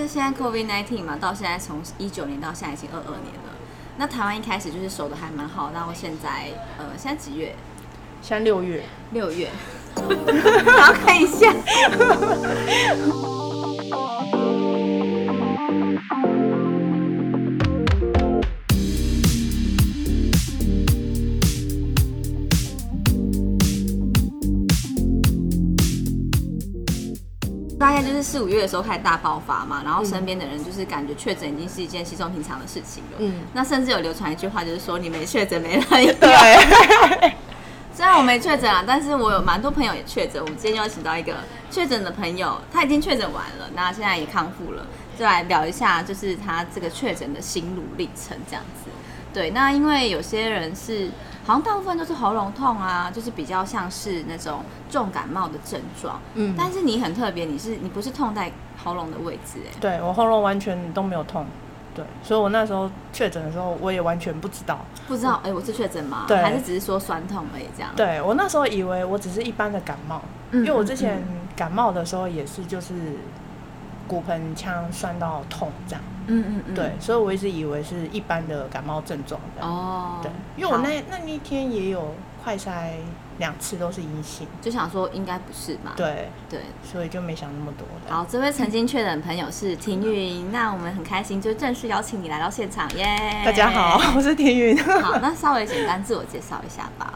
是現在 COVID-19 嘛，到現在從一九年到現在已經二二年了。那台灣一開始就是守得還蠻好，然後現在呃，現在幾月？現在六月。六月。我要看一下。 四五月的時候開始大爆發嘛，然後身邊的人就是感覺確診已經是一件稀鬆平常的事情了。嗯，那甚至有流傳一句話，就是說你沒確診沒來由人要。對 雖然我沒確診啊，但是我有蠻多朋友也確診。我們今天要請到一個確診的朋友，他已經確診完了，那現在也康復了，就來聊一下就是他這個確診的心路歷程這樣子。對，那因為有些人是。好像大部分都是喉嚨痛啊，就是比較像是那種重感冒的症狀。嗯，但是你很特別，你是你不是痛在喉嚨的位置，欸？哎，對，我喉嚨完全都沒有痛。對，所以我那時候確診的時候，我也完全不知道。不知道？哎我、欸，我是確診嗎？對，還是只是說痠痛而已這樣？對，我那時候以為我只是一般的感冒，嗯、因為我之前感冒的時候也是就是。嗯骨盆腔酸到痛這樣，嗯嗯嗯，對，所以我一直以為是一般的感冒症狀的哦，對，因為我那那天也有快篩，兩次都是陰性，就想說應該不是吧，對對，所以就沒想那麼多。好，這位曾經確診朋友是廷畇，那我們很開心，就正式邀請你來到現場耶！大家好，我是廷畇。好，那稍微簡單自我介紹一下吧。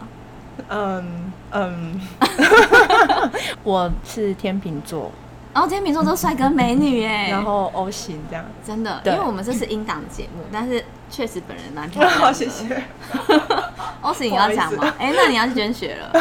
嗯嗯，我是天秤座。然後今天沒說都帥哥美女哎，然後 O 型這樣，真的，因為我們這是音檔節目，但是確實本人蠻漂亮，謝謝。O 型你要講嗎？哎，那你要去捐血了，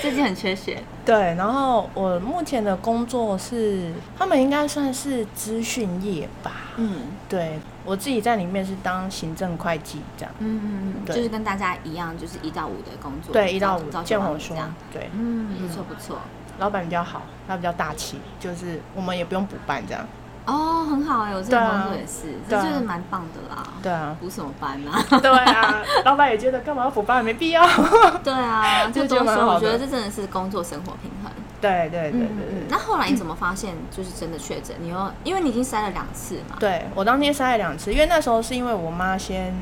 最近很缺血。對，然後我目前的工作是，他們應該算是資訊業吧？嗯，對，我自己在裡面是當行政會計這樣，嗯嗯，就是跟大家一樣，就是一到五的工作，對，一到五朝九晚五這樣，對，不錯不錯。老闆比較好，他比較大氣，就是我們也不用補班這樣。哦，很好哎、欸，我這工作也是，啊、這就是蠻棒的啦。對啊，補什麼班呢、啊？對啊， 老闆也覺得幹嘛要補班，也沒必要。 對啊，就多蠻好 我覺得這真的是工作生活平衡。對對對對，對嗯嗯嗯。那後來你怎麼發現就是真的確診？嗯、你又因為你已經篩了兩次嘛。對，我當天篩了兩次，因為那時候是因為我媽先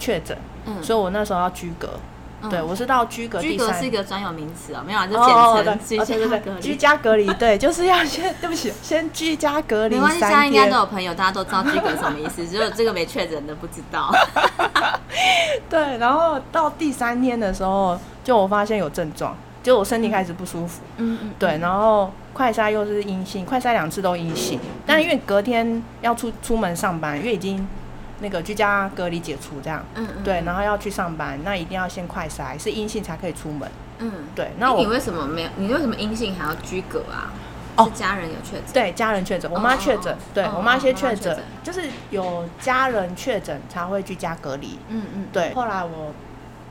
確診，嗯、所以我那時候要居隔。嗯、對，我是到居隔。居隔是一個專有名詞哦。沒有啊，就簡稱居家隔離。居家隔離， 對，就是要先對不起，先居家隔離三天。沒關係，大家應該都有朋友，大家都知道居隔什麼意思。 只有這個沒確診的不知道。 對，然後到第三天的時候，就我發現有症狀，就我身體開始不舒服。嗯嗯。對，然後快篩又是陰性，快篩兩次都陰性。嗯、但因為隔天要出出門上班，因為已經。那個居家隔離解除這樣，嗯嗯，對，然後要去上班，那一定要先快篩，是陰性才可以出門，嗯，對。那我你為什麼沒有？你為什麼陰性還要居隔啊？哦，是家人有確診，對，家人確診，我媽確診，哦、對我媽先確診，哦啊、就是有家人確診才會居家隔離，嗯嗯，對。後來我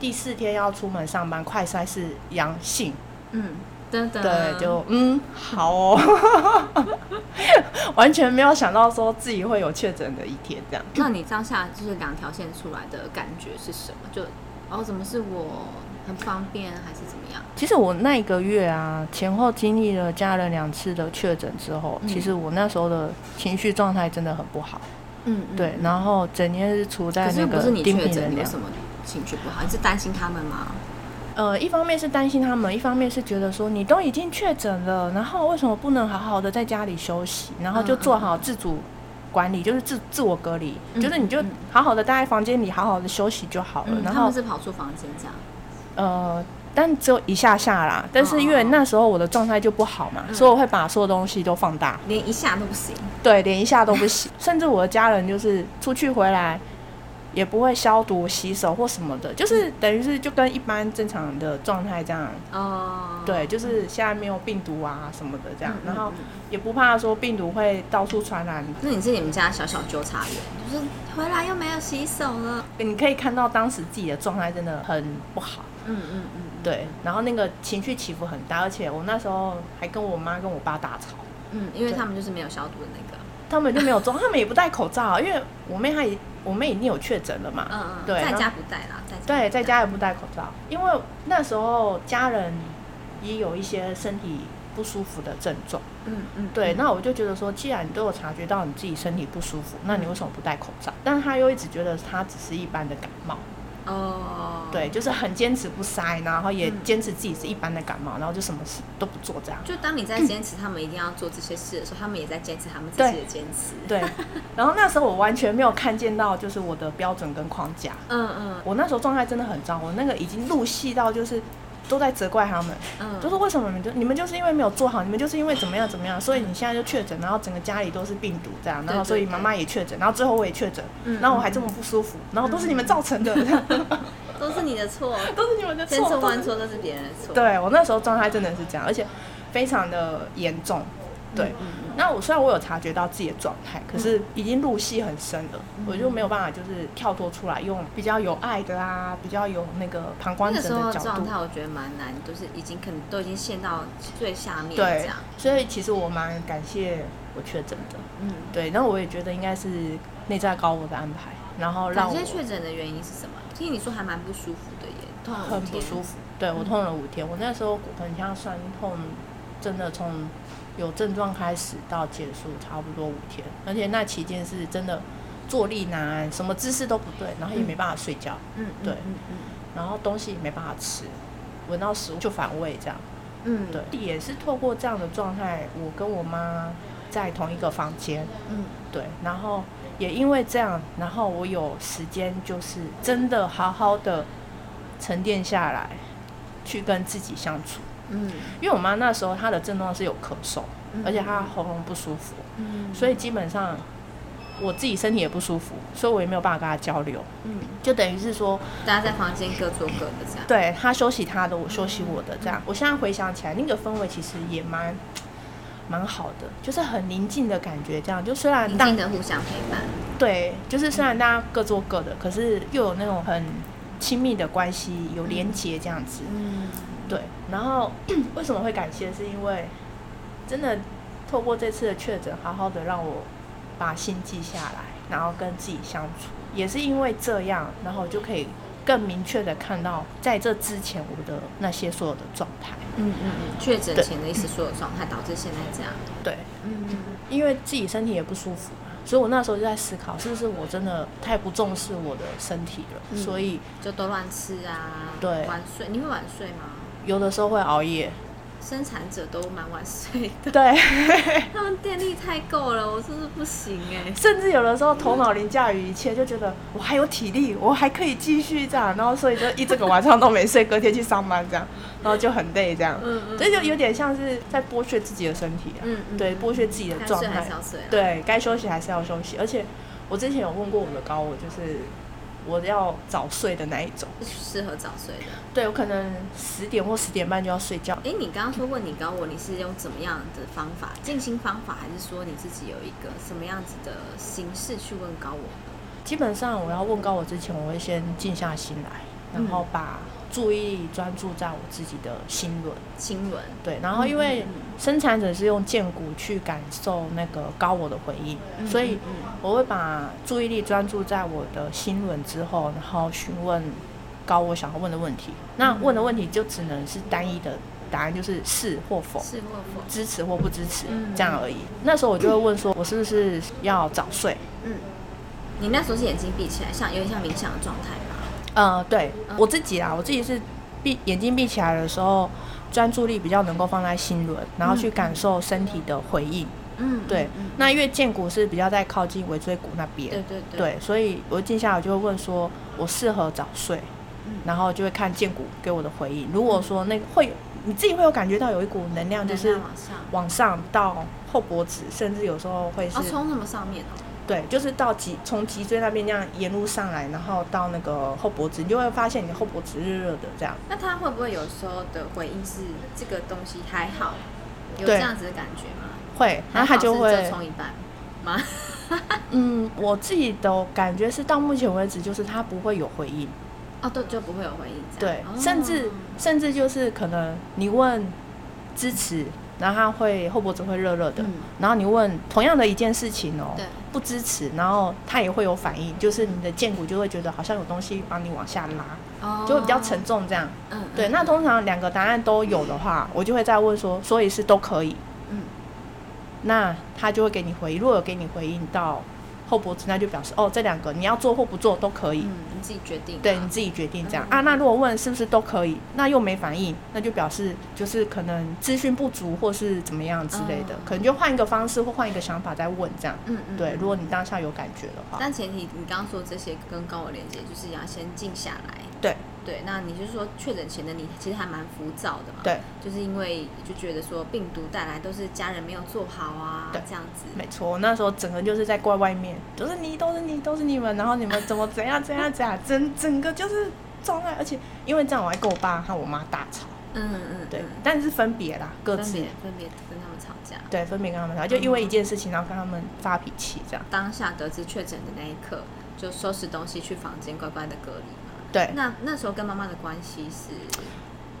第四天要出門上班，快篩是陽性，嗯。登登對，就嗯，好，哦， 完全沒有想到說自己會有確診的一天這樣。那你當下就是兩條線出來的感覺是什麼？就哦，怎麼是我很方便還是怎麼樣？其實我那一個月啊，前後經歷了加了兩次的確診之後，嗯、其實我那時候的情緒狀態真的很不好。嗯，嗯，嗯，對，然後整天是處在那個。可是不是你確診，你有什麼情緒不好？你是擔心他們嗎？呃，一方面是擔心他們，一方面是覺得說你都已經確診了，然後為什麼不能好好的在家裡休息，然後就做好自主管理，嗯、就是自自我隔離，嗯、就是你就好好的待在房間裡，好好的休息就好了。嗯、然後他們是跑出房間這樣。呃，但只有一下下啦，但是因為那時候我的狀態就不好嘛，哦、所以我會把所有東西都放大、嗯，連一下都不行。對，連一下都不行， 甚至我的家人就是出去回來。也不會消毒洗手或什麼的，就是、嗯、等於是就跟一般正常的狀態這樣。哦、喔。對，就是現在沒有病毒啊什麼的這樣，嗯、然後也不怕說病毒會到處傳染。那、嗯嗯嗯、你是你們家小小糾察員，就是回來又沒有洗手了。嗯、你可以看到當時自己的狀態真的很不好。嗯嗯嗯。嗯嗯對，然後那個情緒起伏很大，而且我那時候還跟我媽跟我爸大吵。嗯，因為他們就是沒有消毒的那個。他們就沒有做，他們也不戴口罩，因為我妹她已，我妹已經有確診了嘛，嗯嗯，對在，在家不戴啦，在對，在家也不戴口罩，因為那時候家人也有一些身體不舒服的症狀，嗯，嗯嗯，對，那我就覺得說，嗯、既然你都有察覺到你自己身體不舒服，那你為什麼不戴口罩？嗯、但是他又一直覺得他只是一般的感冒。哦，oh，對，就是很堅持不塞，然後也堅持自己是一般的感冒，嗯、然後就什麼事都不做這樣。就當你在堅持他們一定要做這些事的時候，嗯、他們也在堅持他們自己的堅持。對， 對，然後那時候我完全沒有看見到，就是我的標準跟框架。嗯嗯，我那時候狀態真的很糟，我那個已經入戲到就是。都在責怪他們，嗯，就是為什麼你們就你們就是因為沒有做好，你們就是因為怎麼樣怎麼樣，所以你現在就確診，然後整個家裡都是病毒這樣，然後所以媽媽也確診，然後最後我也確診，然後我還這麼不舒服，然後都是你們造成的，嗯嗯 都是你的錯，都是你們的錯，千錯萬錯都是別人的錯。對，我那時候狀態真的是這樣，而且非常的嚴重。對，嗯嗯、那我雖然我有察覺到自己的狀態，嗯、可是已經入戲很深了，嗯、我就沒有辦法就是跳脫出來，用比較有愛的啊，比較有那個旁觀者的角度。那時候的狀態我覺得蠻難，就是已經可能都已經陷到最下面這樣。對，所以其實我蠻感謝我確診的，嗯，對。那我也覺得應該是內在高我的安排，然後讓我。感謝確診的原因是什麼？聽你說還蠻不舒服的耶，痛很不舒服，對，我痛了五天，嗯、我那時候骨盆腔痠痛，真的從。有症狀開始到結束差不多五天，而且那期間是真的坐立難安，什麼姿勢都不對，然後也沒辦法睡覺，嗯，對，嗯嗯嗯、然後東西也沒辦法吃，聞到食物就反胃這樣，嗯，對，嗯、也是透過這樣的狀態，我跟我媽在同一個房間，嗯，對，然後也因為這樣，然後我有時間就是真的好好的沉澱下來，去跟自己相處。嗯，因為我媽那時候她的症狀是有咳嗽，嗯、而且她喉嚨不舒服，嗯、所以基本上我自己身體也不舒服，所以我也沒有辦法跟她交流。嗯，就等於是說大家在房間各做各的這樣。嗯、對，她休息她的，我休息我的這樣。嗯、我現在回想起來，那個氛圍其實也蠻蠻好的，就是很寧靜的感覺。這樣就雖然寧靜的互相陪伴，對，就是雖然大家各做各的，嗯、可是又有那種很親密的關係，有連接這樣子。嗯。嗯對，然後為什麼會感謝？是因為真的透過這次的確診，好好的讓我把心靜下來，然後跟自己相處，也是因為這樣，然後就可以更明確的看到在這之前我的那些所有的狀態。嗯嗯嗯，確診前的一些對所有狀態導致現在這樣。對，嗯嗯，因為自己身體也不舒服嘛，所以我那時候就在思考，是不是我真的太不重視我的身體了？嗯、所以就都亂吃啊，對，晚睡，你會晚睡嗎？有的時候會熬夜，生產者都蠻晚睡的。對， 他們電力太夠了，我是不是不行哎？甚至有的時候頭腦凌駕於一切，就覺得我還有體力，我還可以繼續這樣，然後所以就一整個晚上都沒睡， 隔天去上班這樣，然後就很累這樣。嗯 嗯。這、嗯、就有點像是在剝削自己的身體、啊。嗯嗯。對，剝削自己的狀態。該睡還是要睡。對，該休息還是要休息。而且我之前有問過我們的高我，就是。我要早睡的那一種，適合早睡的。對，我可能十點或十點半就要睡覺。哎，你剛剛說問你高我，你是用怎麼樣的方法？靜心方法，還是說你自己有一個什麼樣子的形式去問高我呢？基本上，我要問高我之前，我會先靜下心來，然後把，注意力專注在我自己的心輪，心輪文對。然後因為生產者是用薦骨去感受那個高我的回應，嗯嗯嗯，所以我會把注意力專注在我的心輪之後，然後詢問高我想要問的問題。嗯、那問的問題就只能是單一的答案，就是是或否，是或否，支持或不支持，嗯、這樣而已。那時候我就會問說，我是不是要早睡？」嗯，你那時候是眼睛閉起來，像有點像冥想的狀態？呃，對我自己啦，我自己是閉眼睛閉起來的時候，專注力比較能夠放在心輪，然後去感受身體的回應。嗯，對。嗯嗯嗯、那因為薦骨是比較在靠近尾椎骨那邊，對對對，對。所以我靜下來就會問說，我適合早睡，嗯、然後就會看薦骨給我的回應。如果說那個會你自己會有感覺到有一股能量，就是往上往上到後脖子，甚至有時候會是從、啊、什麼上面、啊對，就是到脊，從脊椎那邊那樣沿路上來，然後到那個後脖子，你就會發現你後脖子熱熱的這樣。那他會不會有時候的回應是這個東西還好？對有這樣子的感覺嗎？會，然後他就會充一半嗎 嗯，我自己的感覺是到目前為止，就是他不會有回應。哦，對，就不會有回應這樣。對，哦、甚至甚至就是可能你問支持，然後他會後脖子會熱熱的，嗯、然後你問同樣的一件事情哦。對。不支持，然後他也會有反應，就是你的肩骨就會覺得好像有東西幫你往下拉，oh. 就會比較沉重這樣。Mm hmm. 對，那通常兩個答案都有的話，mm hmm. 我就會再問說，所以是都可以。嗯、mm，hmm. 那他就會給你回應，如果有給你回應你到後脖子，那就表示哦，這兩個你要做或不做都可以，嗯、你自己決定、啊。對，你自己決定這樣、嗯嗯嗯嗯、啊。那如果問是不是都可以，那又沒反應，那就表示就是可能資訊不足或是怎麼樣之類的，嗯、可能就換一個方式或換一個想法再問這樣。嗯嗯。嗯對，如果你當下有感覺的話，但前提你剛剛說這些跟高我連接，就是要先靜下來。對。對，那你就是說確診前的你其實還蠻浮躁的嘛？對，就是因為你就覺得說病毒帶來都是家人沒有做好啊，對這樣子。沒錯，那時候整個就是在怪外面，就是、都是你，都是你，都是你們，然後你們怎麼怎樣怎樣怎樣，怎樣， 整整個就是障礙。而且因為這樣，我還跟我爸和我媽大吵。嗯嗯嗯。嗯對，嗯、但是分別啦，各自分別跟他們吵架。對，分別跟他們吵架，就因為一件事情，嗯、嘛然後跟他們發脾氣這樣。當下得知確診的那一刻，就收拾東西去房間乖乖的隔離。對，那那時候跟媽媽的關係是，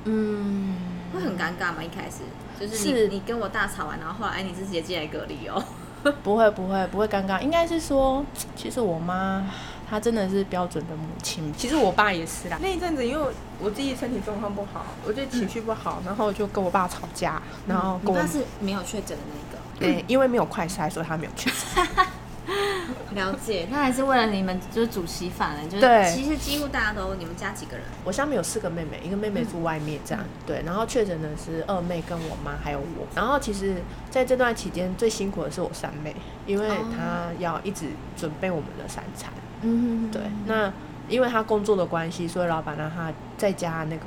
嗯，會很尷尬嗎？一開始就是你是你跟我大吵完，然後後來哎，你是直接進來隔離哦、喔？不會不會不會尷尬，應該是說，其實我媽她真的是標準的母親，其實我爸也是啦。那一陣子，因為我自己身體狀況不好，我就情緒不好，嗯、然後就跟我爸吵架，然後跟我、嗯、但是沒有確診的那個，對、嗯欸，因為沒有快篩，所以他沒有確診。 了解，那還是為了你們就是煮稀飯了，就是。對，其實幾乎大家都，你們家幾個人？我下面有四個妹妹，一個妹妹住外面這樣。嗯、對，然後確診的是二妹跟我媽還有我。然後其實在這段期間最辛苦的是我三妹，因為她要一直準備我們的三餐。嗯、哦、對，嗯那因為她工作的關係，所以老板讓她在家那個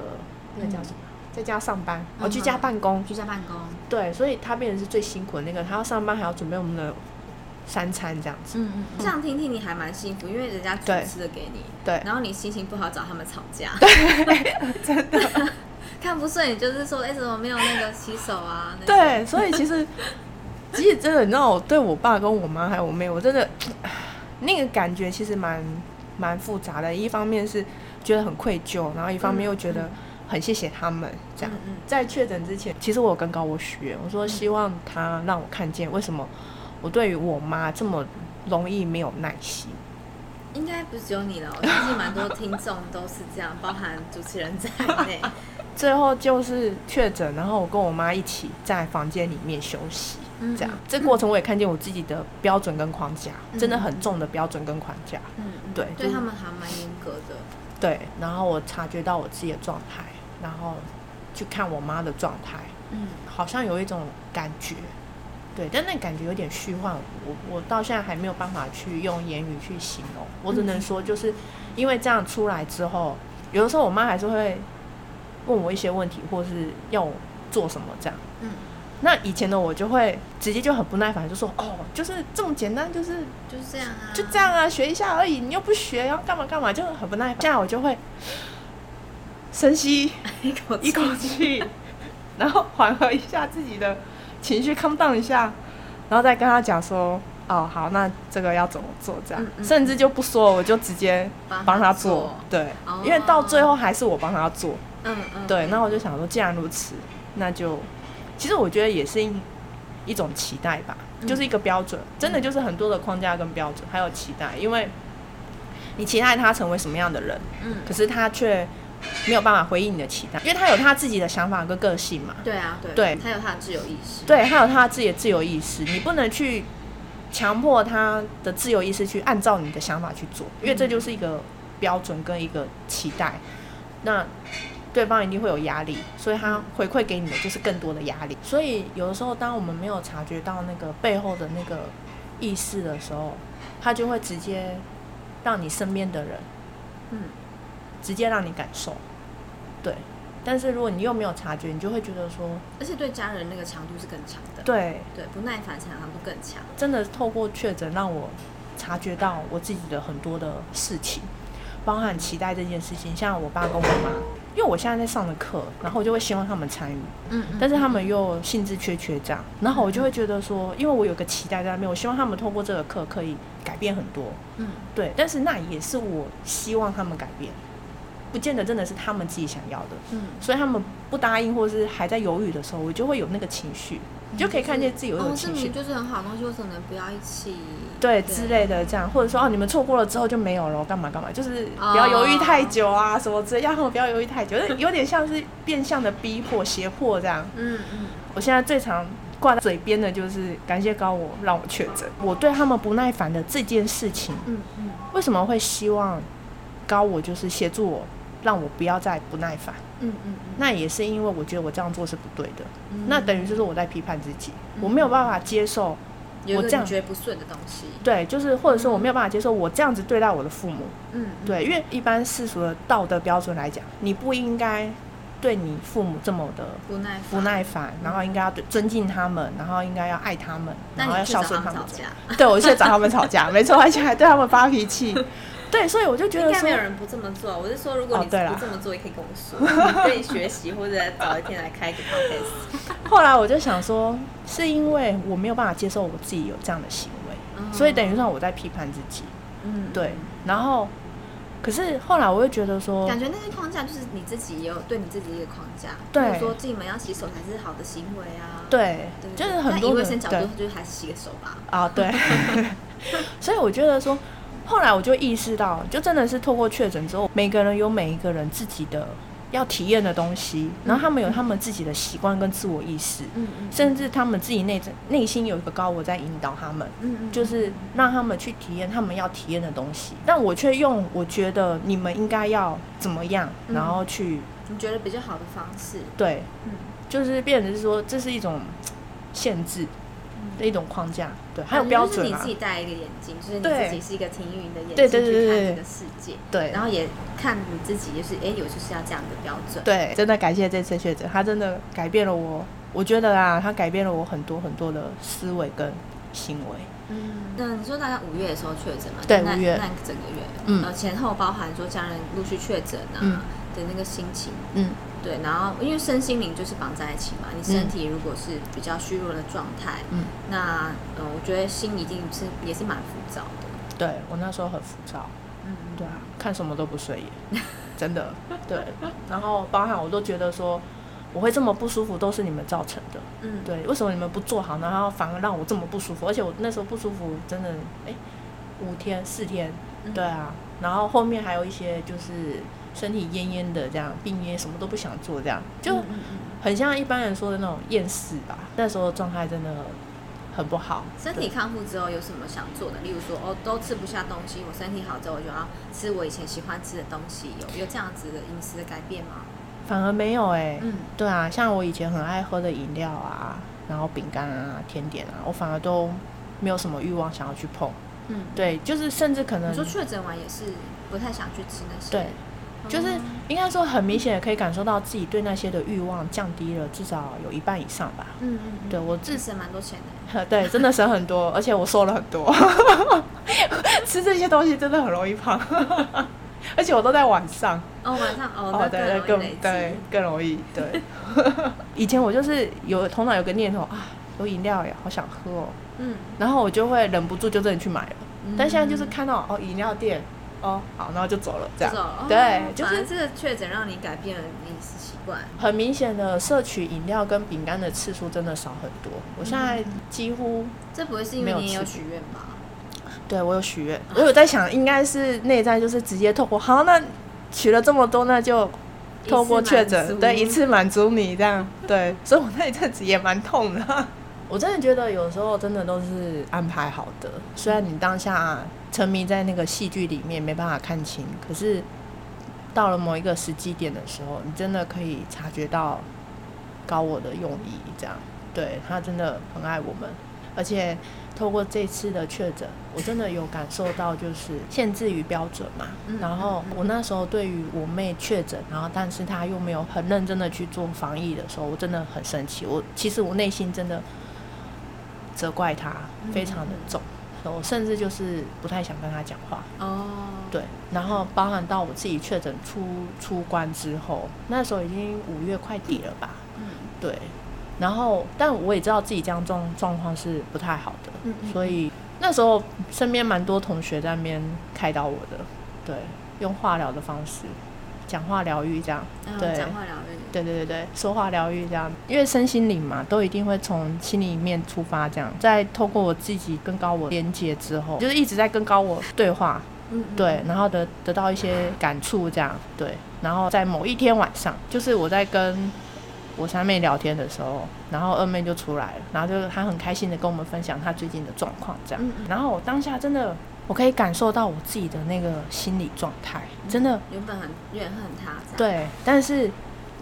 那叫什麼、嗯？在家上班，居、哦、家辦公，居家、嗯、辦公。對，所以她變成是最辛苦的那個，她要上班還要準備我們的。三餐這樣子，嗯，這樣聽聽你還蠻幸福，因為人家煮吃的給你，對，然後你心情不好找他們吵架，對真的 看不順眼就是說，欸、怎麼沒有那個洗手啊？那對，所以其實， 其實真的，你知道我對我爸跟我媽還有我妹，我真的那個感覺其實蠻蠻複雜的。一方面是覺得很愧疚，然後一方面又覺得很謝謝他們、嗯、這樣。嗯嗯、在確診之前，其實我有跟高我許願，我說希望他讓我看見為什麼。我對於我媽這麼容易沒有耐心，應該不是只有你了，我相信蠻多聽眾都是這樣， 包含主持人在內。最後就是確診，然後我跟我媽一起在房間裡面休息，嗯嗯這樣、嗯、這過程我也看見我自己的標準跟框架，嗯、真的很重的標準跟框架。嗯，嗯，對，對、嗯、就他們還蠻嚴格的。對，然後我察覺到我自己的狀態，然後去看我媽的狀態，嗯，好像有一種感覺。對，但那感覺有點虛幻，我我到現在還沒有辦法去用言語去形容，我只能說就是因為這樣出來之後，有的時候我媽還是會問我一些問題，或是要我做什麼這樣。嗯，那以前的我就會直接就很不耐煩，就說哦，就是這麼簡單，就是就是這樣啊，就這樣啊，學一下而已，你又不學，然後幹嘛幹嘛，就很不耐煩。這樣我就會深吸一口一口氣，然後緩和一下自己的。情緒 calm down 一下，然後再跟他講說，哦，好，那這個要怎麼做？這樣，嗯嗯甚至就不說，我就直接幫他做，幫他做，對，oh. 因為到最後還是我幫他做，嗯嗯，對，那我就想說，既然如此，那就，其實我覺得也是一一種期待吧，就是一個標準，嗯、真的就是很多的框架跟標準，還有期待，因為，你期待他成為什麼樣的人，嗯、可是他卻。沒有辦法回應你的期待，因為他有他自己的想法跟個性嘛。對啊，對，對，他有他的自由意識。對，他有他自己的自由意識，你不能去強迫他的自由意識去按照你的想法去做，因為這就是一個標準跟一個期待。嗯、那對方一定會有壓力，所以他回饋給你的就是更多的壓力。嗯、所以有的時候，當我們沒有察覺到那個背後的那個意識的時候，他就會直接讓你身邊的人，嗯。直接讓你感受，對。但是如果你又沒有察覺，你就會覺得說，而且對家人那個強度是更強的，對對，不耐煩強度更強。真的透過確診讓我察覺到我自己的很多的事情，包含期待這件事情。像我爸跟我媽，因為我現在在上的課，然後我就會希望他們參與，嗯，嗯，嗯，嗯。但是他們又興致缺缺，這樣，然後我就會覺得說，嗯嗯，因為我有個期待在那邊，我希望他們透過這個課可以改變很多，嗯，對。但是那也是我希望他們改變。不見得真的是他們自己想要的，嗯，所以他們不答應或者是還在猶豫的時候，我就會有那個情緒，你就可以看見自己有種情緒。嗯，就是哦、是你就是很好，東西我只能不要一起？對，對之類的這樣，或者說哦、啊，你們錯過了之後就沒有了，幹嘛幹嘛？就是不要猶豫太久啊，哦、什麼之類，要他們不要猶豫太久，有點像是變相的逼迫、脅迫這樣。嗯嗯，我現在最常掛在嘴邊的就是感謝高我讓我確診，我對他們不耐煩的這件事情，嗯嗯，嗯，為什麼會希望高我就是協助我？讓我不要再不耐煩、嗯。嗯嗯，那也是因為我覺得我這樣做是不對的。嗯、那等於是說我在批判自己，嗯、我沒有辦法接受我這樣不順的東西。對，就是或者說我沒有辦法接受我這樣子對待我的父母。嗯，對，嗯、因為一般世俗的道德標準來講，你不應該對你父母這麼的不耐不耐煩，然後應該要尊敬他們，然後應該要愛他們，然後要孝順他們。對，我現在找他們吵架。對，我現在找他們吵架， 沒錯，而且還對他們發脾氣。 對，所以我就覺得應該沒有人不這麼做。我是說，如果你不這麼做，也可以跟我說，哦、對，你可以學習或者找一天來開個 podcast。 後來我就想說，是因為我沒有辦法接受我自己有這樣的行為，嗯、哼所以等於說，我在批判自己。嗯，對。然後，可是後來我又覺得說，感覺那些框架就是你自己也有對你自己一個框架，對比如說自己門要洗手才是好的行為啊。對，對對就是很多人角度就是還是洗個手吧。啊、哦，對。 所以我覺得說。後來我就意識到，就真的是透過確診之後，每個人有每一個人自己的要體驗的東西，然後他們有他們自己的習慣跟自我意識，嗯嗯，嗯嗯甚至他們自己內在內心有一個高我，在引導他們，嗯嗯，嗯就是讓他們去體驗他們要體驗的東西，但我卻用我覺得你們應該要怎麼樣，然後去，嗯，你覺得比較好的方式，對，嗯，就是變成是說這是一種限制，的一種框架，對，啊、還有標準、啊、你自己戴一個眼鏡，就是你自己是一個廷畇的眼鏡，去看這個世界。對，對，對，對，對，對，然後也看你自己，就是哎，有、欸、就是要這樣的標準。對，真的感謝這次確診，他真的改變了我。我覺得啊，他改變了我很多很多的思維跟行為。嗯，那你說大概五月的時候確診嘛？對，五月那、那個、整個月，嗯、呃，前後包含說家人陸續確診啊的那個心情，嗯。嗯對，然後因為身心靈就是綁在一起嘛，你身體如果是比較虛弱的狀態，嗯，那呃，我覺得心一定是也是蠻浮躁的。對我那時候很浮躁，嗯，對啊，看什麼都不順眼， 真的，對。然後包含我都覺得說，我會這麼不舒服都是你們造成的，嗯，對，為什麼你們不做好呢？然後反而讓我這麼不舒服，而且我那時候不舒服真的，哎，五天四天，嗯、對啊，然後後面還有一些就是。身體懨懨的，這樣病懨，什麼都不想做，這樣就很像一般人說的那種厭世吧。那時候狀態真的很不好。身體康復之後，有什麼想做的？例如說，哦，都吃不下東西。我身體好之後，我就要吃我以前喜歡吃的東西，有有這樣子的飲食的改變嗎？反而沒有誒、欸。嗯。對啊，像我以前很愛喝的飲料啊，然後餅乾啊、甜點啊，我反而都沒有什麼慾望想要去碰。嗯，對，就是甚至可能你說確診完也是不太想去吃那些。對。就是應該說，很明顯可以感受到自己對那些的欲望降低了，至少有一半以上吧。嗯，嗯嗯，對我自省蠻多錢的。呵，對，真的省很多， 而且我瘦了很多。 吃這些東西真的很容易胖， 而且我都在晚上。哦，晚上哦，哦對對對，更對更容易。對， 以前我就是有頭腦有個念頭啊，有飲料呀，好想喝哦。嗯。然後我就會忍不住就自己去買了，嗯、但現在就是看到哦飲料店，哦、好，然後就走了，這樣，哦、對，哦、就是像這個確診讓你改變了飲食習慣，很明顯的攝取飲料跟餅乾的次數真的少很多。我現在幾乎這不會是因為你有許願吧？對，我有許願，我有、嗯、我在想，應該是內在就是直接透過。啊、好，那取了這麼多，那就透過確診，對一次滿足，足你這樣，對，所以我那一陣子也蠻痛的。 我真的覺得有時候真的都是安排好的，雖然你當下、啊、沉迷在那個戲劇裡面沒辦法看清，可是到了某一個時機點的時候，你真的可以察覺到高我的用意，這樣對，他真的很愛我們。而且透過這次的確診，我真的有感受到就是限制於標準嘛。然後我那時候對於我妹確診，然後但是她又沒有很認真的去做防疫的時候，我真的很生氣。我其實我內心真的。責怪他非常的重。嗯嗯，我甚至就是不太想跟他講話哦，對。然後包含到我自己確診出出關之後，那時候已經五月快底了吧，嗯，對。然後，但我也知道自己這樣狀狀況是不太好的，嗯，嗯，嗯，所以那時候身邊蠻多同學在那邊開導我的，對，用化療的方式，講話療癒，這樣，對，講話療癒，對對對對，說話療癒，這樣，因為身心靈嘛，都一定會從心裡面出發，這樣，在透過我自己跟高我連接之後，就是一直在跟高我對話，嗯，對，然後得得到一些感觸，這樣，對，然後在某一天晚上，就是我在跟我三妹聊天的時候，然後二妹就出來了，然後就是她很開心的跟我們分享她最近的狀況，這樣，然後我當下真的。我可以感受到我自己的那個心理狀態，嗯、真的原本很怨恨他，對，但是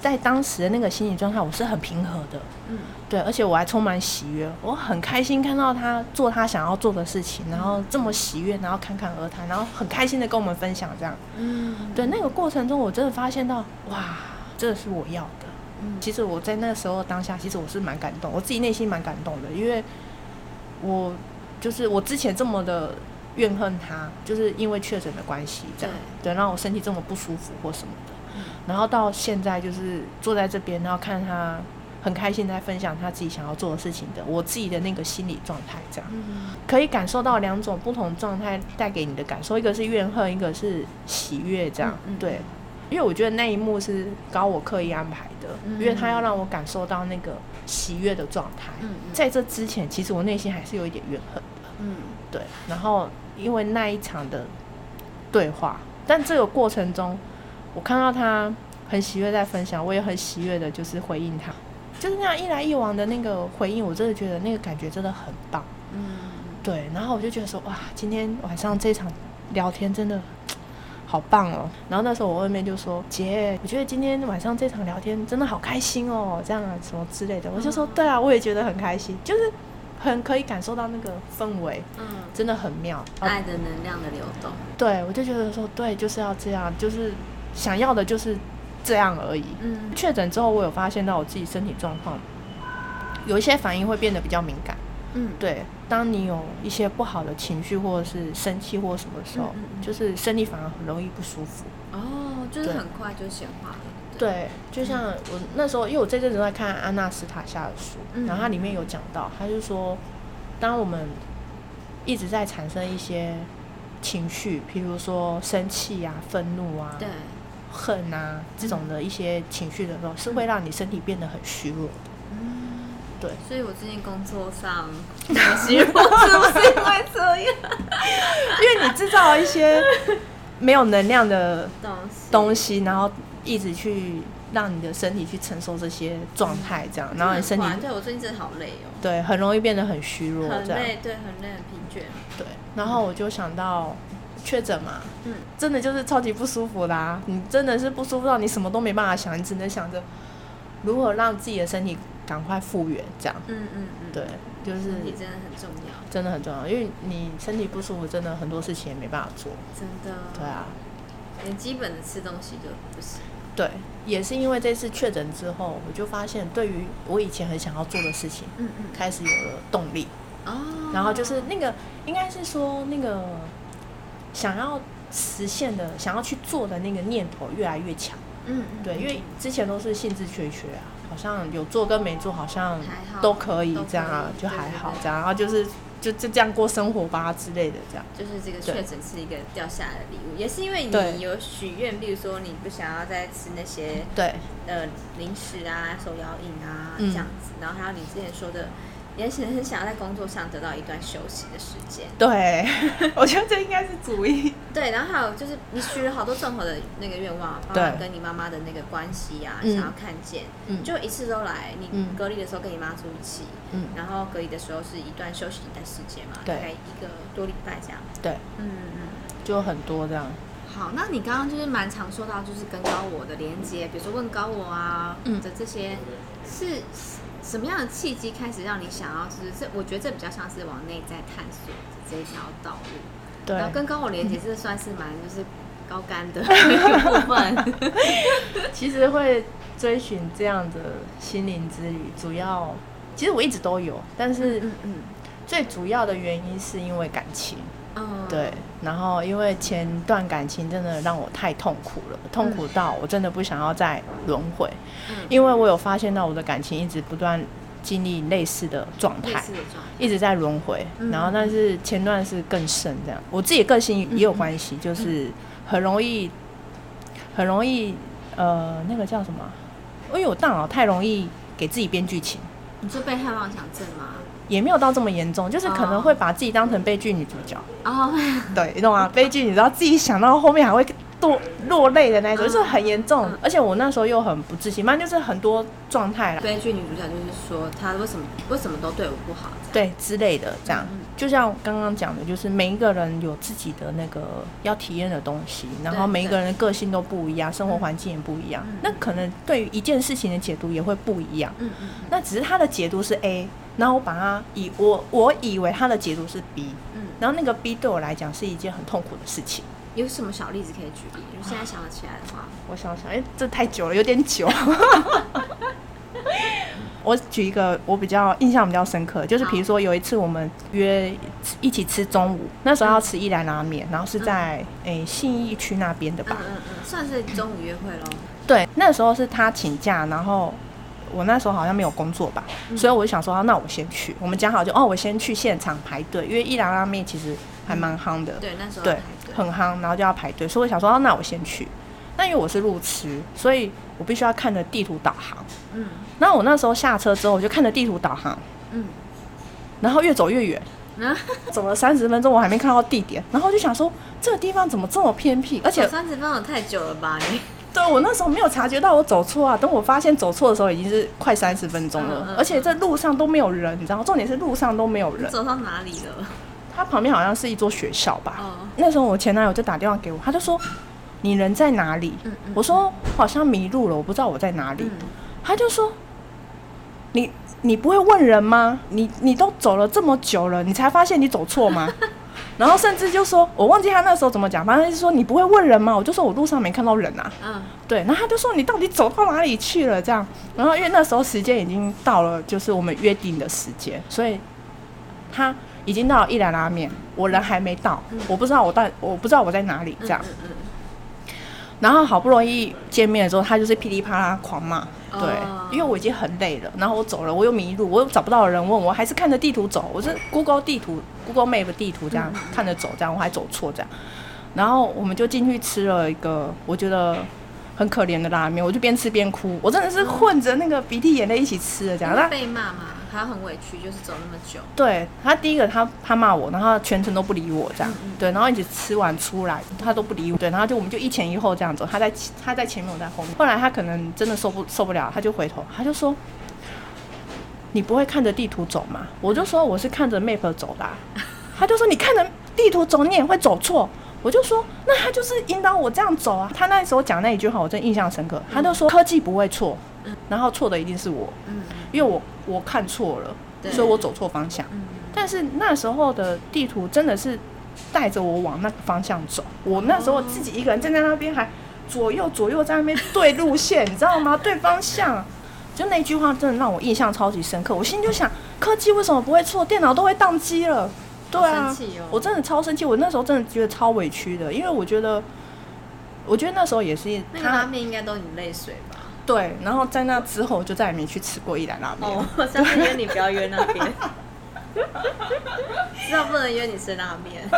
在當時的那個心理狀態，我是很平和的，嗯，對，而且我還充滿喜悅，我很開心看到他做他想要做的事情，嗯、然後這麼喜悅，然後侃侃而談，然後很開心的跟我們分享這樣，嗯，對，那個過程中我真的發現到，哇，這是我要的，嗯，其實我在那個時候當下，其實我是蠻感動，我自己內心蠻感動的，因為我就是我之前這麼的。怨恨他，就是因為確診的關係，這樣對，讓我身體這麼不舒服或什麼的，嗯、然後到現在就是坐在這邊，然後看他很開心在分享他自己想要做的事情的，我自己的那個心理狀態這樣，嗯、可以感受到兩種不同狀態帶給你的感受，一個是怨恨，一個是喜悅，這樣嗯嗯對，因為我覺得那一幕是高我刻意安排的，嗯嗯因為他要讓我感受到那個喜悅的狀態，嗯嗯在這之前，其實我內心還是有一點怨恨的，嗯，對，然後。因為那一場的對話，但這個過程中，我看到他很喜悅在分享，我也很喜悅的，就是回應他，就是那樣一來一往的那個回應，我真的覺得那個感覺真的很棒，嗯，對。然後我就覺得說，哇，今天晚上這場聊天真的好棒哦。然後那時候我外面就說：“姐，我覺得今天晚上這場聊天真的好開心哦。”這樣什麼之類的，我就說：“對啊，我也覺得很開心，就是。”很可以感受到那個氛圍，嗯，真的很妙，愛的能量的流動。對，我就覺得說，對，就是要這樣，就是想要的就是這樣而已。嗯，確診之後，我有發現到我自己身體狀況有一些反應會變得比較敏感。嗯，對，當你有一些不好的情緒或者是生氣或什麼時候，嗯嗯嗯就是身體反而很容易不舒服。哦，就是很快就顯化了。對，就像我那時候，因為我這陣子在看安娜斯塔夏的書，然後它裡面有講到，他就說，當我們一直在產生一些情緒，譬如說生氣啊、憤怒啊、對恨啊這種的一些情緒的時候，是會讓你身體變得很虛弱的。嗯、對。所以我最近工作上很虛弱，是不是因為這樣？ 因為你制造一些沒有能量的東西，東西然後。一直去讓你的身體去承受這些狀態，這樣，嗯、然後你身體對，我最近真的好累哦，對，很容易變得很虛弱，很累，對，很累很疲倦。對，然後我就想到、嗯、確診嘛，嗯，真的就是超級不舒服啦，嗯、你真的是不舒服到你什麼都沒辦法想，你只能想着如何讓自己的身體趕快復原，這樣，嗯嗯嗯，嗯嗯對，就是身體真的很重要，真的很重要，因為你身體不舒服，真的很多事情也沒辦法做，真的，對啊，連基本的吃東西都不行。對，也是因為這次確診之後，我就發現對於我以前很想要做的事情，嗯嗯，開始有了動力，嗯嗯，然後就是那個，應該是說那個想要實現的、想要去做的那個念頭越來越強。嗯，嗯嗯，對，因為之前都是興致缺缺啊，好像有做跟沒做好像都可以這樣，還好，就還好這樣。對對對對，然後就是。就就這樣過生活吧之類的，這樣就是這個確診是一個掉下來的禮物，對也是因為你有許願，對比如說你不想要再吃那些對呃零食啊、手搖飲啊這樣子，嗯、然後還有你之前說的。也很很想要在工作上得到一段休息的時間。對，我覺得這應該是主意。 對，然後還有就是你許了好多生活的那個願望，包括跟你媽媽的那個關係啊，對想要看見，嗯、就一次都來。你隔離的時候跟你媽住一起，嗯、然後隔離的時候是一段休息一段時間嘛，對，大概一個多禮拜這樣。對，嗯，就很多這樣。好，那你剛剛就是蠻常說到就是跟高我的連接，哦、比如說問高我啊、嗯、的這些是。是什麼樣的契機開始讓你想要、就是這？這我覺得這比較像是往內在探索這一條道路，對然後跟高我連接，嗯、這算是蠻就是高干的 部分。 其實會追尋這樣的心靈之旅，主要其實我一直都有，但是嗯嗯嗯最主要的原因是因為感情。Oh. 對，然後因為前段感情真的讓我太痛苦了，痛苦到我真的不想要再輪迴，嗯、因為我有發現到我的感情一直不斷經歷類似的狀態，一直在輪迴，嗯、然後但是前段是更深這樣，我自己個性也有關係，嗯嗯就是很容易，很容易，呃，那個叫什麼？因為我大腦太容易給自己編劇情。你是被害妄想症嗎？也沒有到這麼嚴重，oh. 就是可能會把自己當成悲劇女主角。哦，oh. 對， 你懂嗎？悲劇你知道自己想到後面還會落淚的那種，oh. 就是很嚴重。Oh. 而且我那時候又很不自信，反正就是很多狀態啦。悲劇女主角就是說她為什麼為什麼都對我不好？對之類的這樣。嗯就像剛剛講的，就是每一個人有自己的那個要體驗的東西，然後每一個人的個性都不一樣，對生活環境也不一樣，嗯、那可能對於一件事情的解讀也會不一樣。嗯嗯。嗯那只是他的解讀是 A，然後我把它以我、嗯、我以為他的解讀是 B，、嗯、然後那個 B 對我來講是一件很痛苦的事情。有什麼小例子可以舉例？啊、你現在想得起來的話，我想想，哎、欸，這太久了，有點久。 我舉一個我比較印象比較深刻，就是比如說有一次我們約一起吃中午，好那時候要吃一蘭拉麵，嗯、然後是在誒、嗯欸、信義區那邊的吧、嗯嗯嗯，算是中午約會嘍。對，那時候是他請假，然後我那時候好像沒有工作吧，嗯、所以我就想說那我先去。我們講好就哦，我先去現場排隊，因為一蘭拉麵其實還蠻夯的、嗯，對，那時候對很夯，然後就要排隊，所以我想說那我先去。那因為我是路痴，所以。我必須要看着地圖導航。嗯，那我那時候下車之後，我就看着地圖導航。嗯，然後越走越遠。啊，走了三十分鐘，我還沒看到地點。然後我就想說，這個地方怎麼這麼偏僻？而且三十分鐘太久了吧、欸？你對我那時候沒有察覺到我走錯啊。等我發現走錯的時候，已經是快三十分鐘了。嗯嗯嗯，而且這路上都沒有人，你知道？重點是路上都沒有人。走到哪裡了？他旁邊好像是一座學校吧？哦、那時候我前男友就打電話給我，他就說。你人在哪裡？嗯嗯、我說我好像迷路了，我不知道我在哪裡。嗯、他就說：“你你不會問人嗎？你你都走了這麼久了，你才發現你走錯嗎？” 然後甚至就說：“我忘記他那時候怎麼講，反正就是說你不會問人嗎？”我就說我路上沒看到人啊。哦、對。然後他就說：“你到底走到哪裡去了？”這樣。然後因爲那時候時間已經到了，就是我們約定的時間，所以他已經到了一蘭拉麵，我人還沒到，嗯、我不知道我到，我不知道我在哪裡這樣。嗯嗯嗯然後好不容易見面的時候，他就是噼里啪啦狂罵，對，因為我已經很累了，然後我走了，我又迷路，我又找不到人問我，還是看着地圖走，我是 Google 地圖、Google Map 地圖這樣看着走，這樣我還走錯這樣。然後我們就進去吃了一個我覺得很可憐的拉麵，我就邊吃邊哭，我真的是混着那個鼻涕眼淚一起吃的這樣。被罵嗎？他很委屈，就是走那麼久。對，他第一個他，他他罵我，然後全程都不理我這樣。嗯嗯對，然後一直吃完出來，他都不理我。對，然後就我們就一前一後這樣走，他在他在前面，我在後面。後來他可能真的受不受不了，他就回頭，他就說：“你不會看着地圖走嗎？”我就說：“我是看着 map 走的啊。”他就說：“你看着地圖走，你也會走錯。”我就說：“那他就是引導我這樣走啊。”他那時候講那一句話，我真印象深刻。他就說科技不會錯。然後錯的一定是我，嗯，因為我我看錯了，對所以我走錯方向。嗯、但是那時候的地圖真的是帶着我往那個方向走。我那時候自己一個人站在那邊，還左右左右在那邊對路線， 你知道嗎？對方向，就那句話真的讓我印象超級深刻。我心就想，科技為什麼不會錯？電腦都會宕機了，生氣哦、對啊，我真的超生氣。我那時候真的覺得超委屈的，因為我覺得，我覺得那時候也是，那他那邊應該都有淚水吧。對，然後在那之後我就再也沒去吃過一蘭拉麵。我、哦、下次約你不要約那邊，那 不能約你吃拉麵。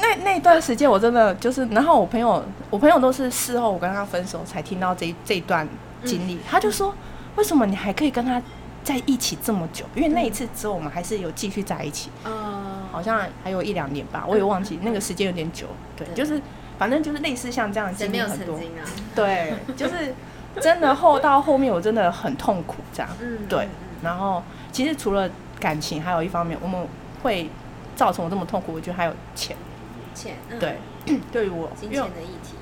那那段時間我真的就是，然後我朋友，我朋友都是事後我跟他分手才聽到這一這一段經歷。嗯、他就說：“為什麼你還可以跟他在一起這麼久？”嗯、因為那一次之後我們還是有繼續在一起，嗯，好像還有一兩年吧，嗯、我也忘記那個時間有點久。嗯、對，對就是。反正就是類似像這樣經歷很多，啊、 對，就是 真的後到後面我真的很痛苦這樣，對。然後其實除了感情，還有一方面我們會造成我這麼痛苦，我覺得還有錢錢，對，對於我金錢的議題，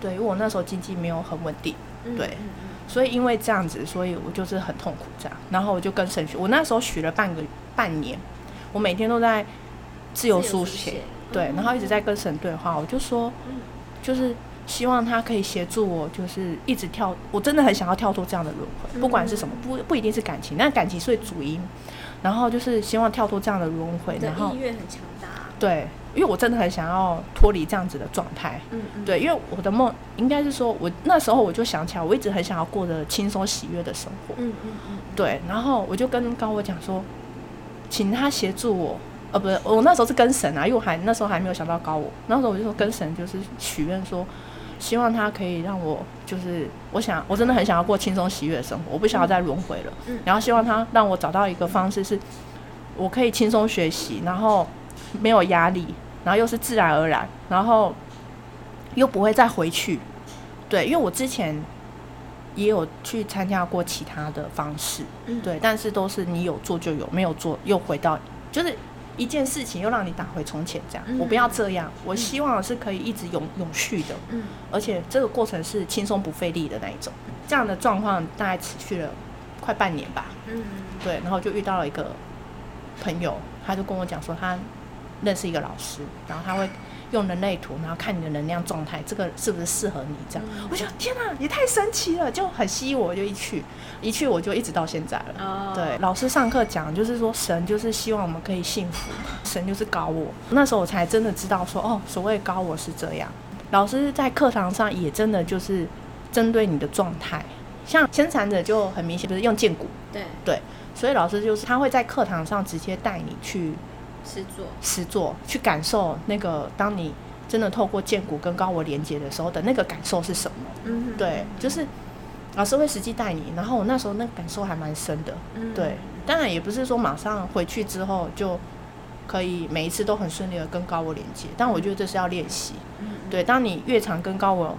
對，因為我那時候經濟沒有很穩定，對，所以因為這樣子，所以我就是很痛苦這樣。然後我就跟神許，我那時候許了半個半年，我每天都在自由書寫。對，然後一直在跟神對話，我就說，就是希望他可以協助我，就是一直跳，我真的很想要跳脫這樣的輪迴，不管是什麼，不不一定是感情，但感情是主因。然後就是希望跳脫這樣的輪迴，然後音樂很強大、啊。對，因為我真的很想要脫離這樣子的狀態。嗯嗯。對，因為我的夢應該是說我，我那時候我就想起來，我一直很想要過着輕鬆喜悅的生活。嗯嗯嗯。對，然後我就跟高我講說，請他協助我。呃，不是，我那時候是跟神啊，因為我還那時候還沒有想到高我，那時候我就說跟神就是許願說，希望他可以讓我就是，我想我真的很想要過輕鬆喜悅的生活，我不想要再輪迴了，嗯嗯，然後希望他讓我找到一個方式是，我可以輕鬆學習，然後沒有壓力，然後又是自然而然，然後又不會再回去，對，因為我之前也有去參加過其他的方式，對，嗯，但是都是你有做就有，沒有做又回到就是。一件事情又讓你打回從前，這樣我不要這樣，我希望我是可以一直永永續的，而且這個過程是輕鬆不費力的那一種，這樣的狀況大概持續了快半年吧，嗯，對，然後就遇到了一個朋友，他就跟我講說他認識一個老師，然後他會。用人類圖，然後看你的能量狀態，這個是不是適合你？這樣，嗯、我覺得天哪，啊，也太神奇了，就很吸引我，就一去，一去我就一直到現在了。哦，對，老師上課講就是說，神就是希望我們可以幸福嘛，神就是高我。那時候我才真的知道說，哦，所謂高我是這樣。老師在課堂上也真的就是針對你的狀態，像生產者就很明顯，嗯、不是用薦骨。對對，所以老師就是他會在課堂上直接帶你去。實做，實作去感受那個，當你真的透過薦骨跟高我連接的時候的那個感受是什麼？嗯哼，對，嗯、哼就是老師會實際帶你，然後我那時候那個感受還蠻深的。嗯，對，當然也不是說馬上回去之後就可以每一次都很順利地跟高我連接，嗯、哼但我覺得這是要練習。嗯、哼對，當你越常跟高我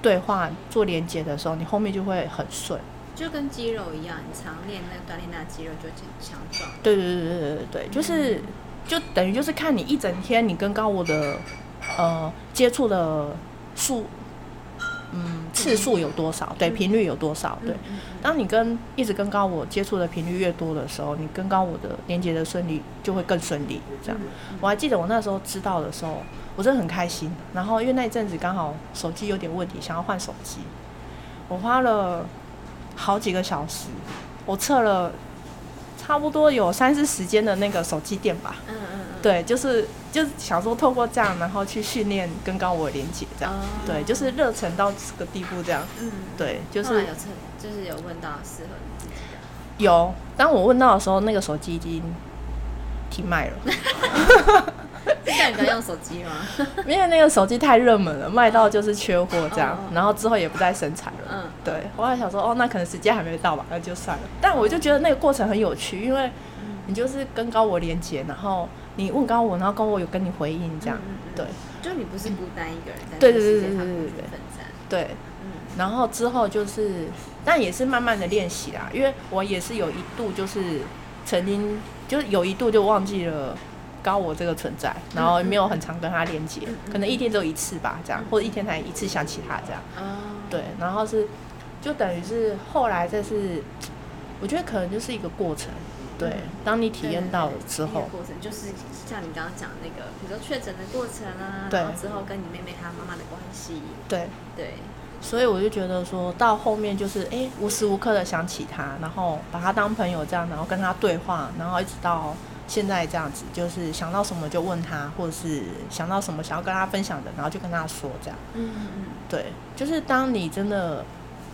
對話做連接的時候，你後面就會很順，就跟肌肉一樣，你常練那鍛鍊那肌肉就強強壯。對對對對對對對，就是。嗯就等於就是看你一整天你跟高我的，呃，接觸的數，嗯，次數有多少？對，頻率有多少？對。當你跟一直跟高我接觸的頻率越多的時候，你跟高我的連接的順利就會更順利。這樣，我還記得我那時候知道的時候，我真的很開心。然後因為那一陣子剛好手機有點問題，想要換手機，我花了好幾個小時，我測了。差不多有三四十間的那個手機店吧，嗯，嗯嗯，對，就是就是，想說透過這樣，然後去訓練跟高我連接這樣，嗯嗯嗯對，就是熱忱到這個地步這樣，嗯，嗯，對，就是有就是有問到適合你自己的，有，當我問到的時候，那個手機已經停賣了。 現在你在用手機嗎？ 因為那個手機太熱門了，oh. 賣到就是缺貨這樣，oh. Oh. 然後之後也不再生產了。嗯，oh. 對，我還想說，哦，那可能時間還沒到吧，那就算了。但我就覺得那個過程很有趣，因為你就是跟高我連結，然後你問高我，然後高我有跟你回應這樣。Mm hmm. 對，就你不是孤單一個人在對對對對對對對，對 mm hmm. 然後之後就是，但也是慢慢的練習啦，因為我也是有一度就是曾經就是有一度就忘記了。高我這個存在，然後也沒有很常跟他連結，嗯、哼可能一天只有一次吧，這樣，嗯、哼或者一天才一次想起他這樣。嗯、對，然後是，就等於是後來這是，我覺得可能就是一個過程。對，當你體驗到了之後。那個、過程就是像你剛剛講那個，比如說確診的過程啊，對。然後之後跟你妹妹她媽媽的關係。對。對。所以我就覺得說到後面就是哎、欸、無時無刻的想起他，然後把他當朋友這樣，然後跟他對話，然後一直到。現在這樣子，就是想到什麼就問他，或者是想到什麼想要跟他分享的，然後就跟他說這樣。嗯、嗯嗯，對，就是當你真的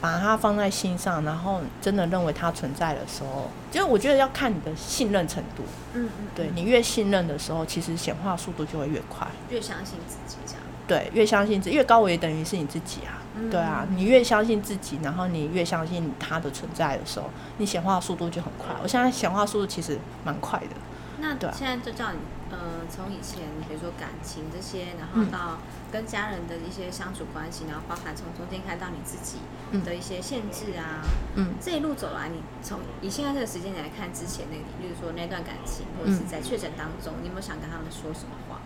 把他放在心上，然後真的認為他存在的時候，就是我覺得要看你的信任程度。嗯、嗯嗯，對，你越信任的時候，其實顯化速度就會越快。越相信自己這樣。對，越相信自己越高我也等於是你自己啊。嗯嗯，對啊，你越相信自己，然後你越相信他的存在的時候，你顯化速度就很快。我現在顯化速度其實蠻快的。那現在就叫你，啊、呃，從以前比如說感情這些，然後到跟家人的一些相處關係，然後包含從中間看到你自己的一些限制啊，嗯，嗯，這一路走來，你從以現在這個時間來看，之前那個，比如說那段感情或者是在確診當中，嗯、你有沒有想跟他們說什麼話？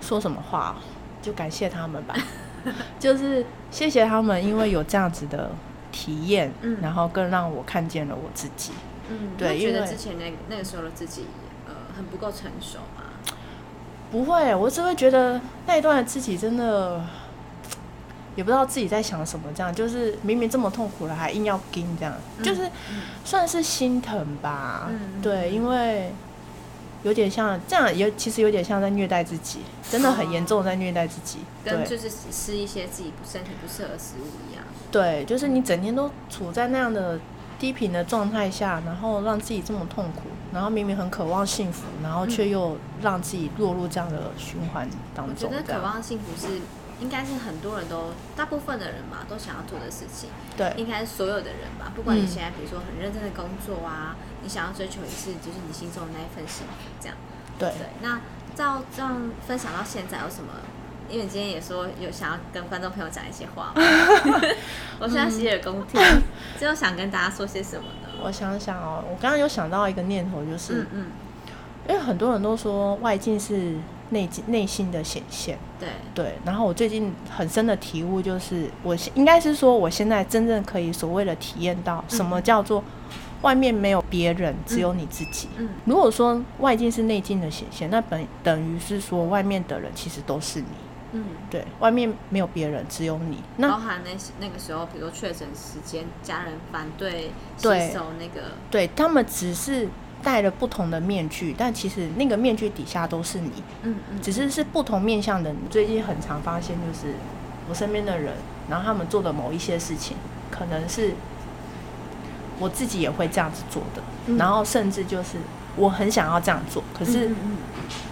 說什麼話？就感謝他們吧， 就是謝謝他們，因為有這樣子的體驗，嗯，然後更讓我看見了我自己，嗯，對，因為之前那為那個時候的自己。很不夠成熟嗎？不會，我只會覺得那一段的自己真的也不知道自己在想什麼，這樣就是明明這麼痛苦了，還硬要跟這樣，嗯、就是算是心疼吧。嗯、對，嗯、因為有點像這樣，有其實有點像在虐待自己，真的很嚴重，在虐待自己，哦、對跟就是吃一些自己不身體不適合的食物一樣。對，就是你整天都處在那樣的低頻的狀態下，然後讓自己這麼痛苦。然後明明很渴望幸福，然後卻又讓自己落入這樣的循環當中、嗯。我覺得渴望幸福是，應該是很多人都，大部分的人嘛，都想要做的事情。對，應該是所有的人吧，不管你現在比如說很認真的工作啊，嗯、你想要追求也是就是你心中的那一份幸福這樣。對，對，那照這樣分享到現在有什麼？因為你今天也說有想要跟觀眾朋友講一些話嘛， 我現在洗耳恭聽，嗯、最後想跟大家說些什麼？我想想哦，我剛剛有想到一個念頭，就是，嗯，嗯，因為很多人都說外境是內內心的顯現，對對。然後我最近很深的體悟就是，我應該是說我現在真正可以所謂的體驗到什麼叫做外面沒有別人，嗯、只有你自己。嗯嗯、如果說外境是內境的顯現，那本等於是說外面的人其實都是你。嗯，對外面沒有別人，只有你。那包含那那個時候，比如說確診時間，家人反對，對，手那個，對，他們只是戴了不同的面具，但其實那個面具底下都是你。嗯嗯，嗯嗯只是是不同面向的你。最近很常發現，就是我身邊的人，然後他們做的某一些事情，可能是我自己也會這樣子做的，嗯、然後甚至就是我很想要這樣做，可是。嗯嗯嗯嗯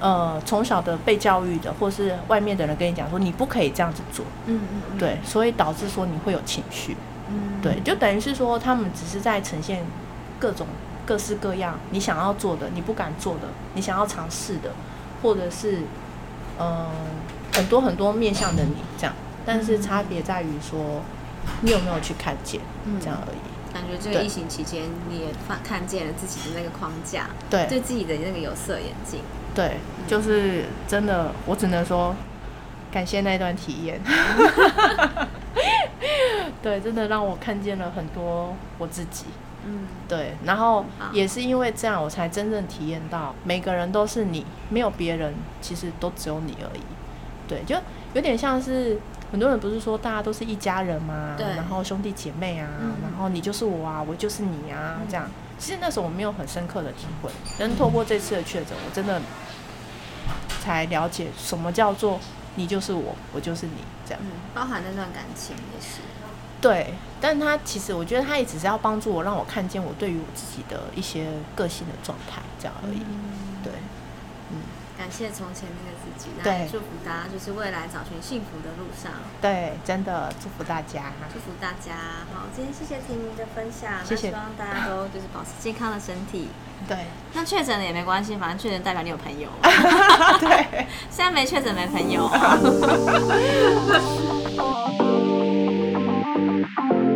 呃，從小的被教育的，或是外面的人跟你講說你不可以這樣子做，嗯嗯，嗯對，所以導致說你會有情緒，嗯，嗯，對，就等於是說他們只是在呈現各種各式各樣你想要做的、你不敢做的、你想要嘗試的，或者是嗯、呃、很多很多面向的你這樣，但是差別在於說你有沒有去看見，嗯、這樣而已。感覺這個疫情期間你也看看見了自己的那個框架，對，對自己的那個有色眼鏡。對，就是真的，我只能說，感謝那段體驗。 對，真的讓我看見了很多我自己。嗯，對，然後也是因為這樣，我才真正體驗到，每個人都是你，沒有別人，其實都只有你而已。對，就有點像是。很多人不是說大家都是一家人嘛，對然後兄弟姐妹啊，嗯、然後你就是我啊，我就是你啊，嗯、這樣。其實那時候我沒有很深刻的體會，但是透過這次的確診，我真的才了解什麼叫做你就是我，我就是你，這樣。嗯、包含那段感情也是。對，但他其實我覺得他也只是要幫助我，讓我看見我對於我自己的一些個性的狀態，這樣而已。嗯、對。感謝從前面的自己，來祝福大家，就是未來找尋幸福的路上。對，真的祝福大家，祝福大家。好，今天謝謝廷畇的分享，謝謝。希望大家都就是保持健康的身體。對，那確診了也沒關係，反正確診代表你有朋友、啊。 對，現在沒確診沒朋友、啊。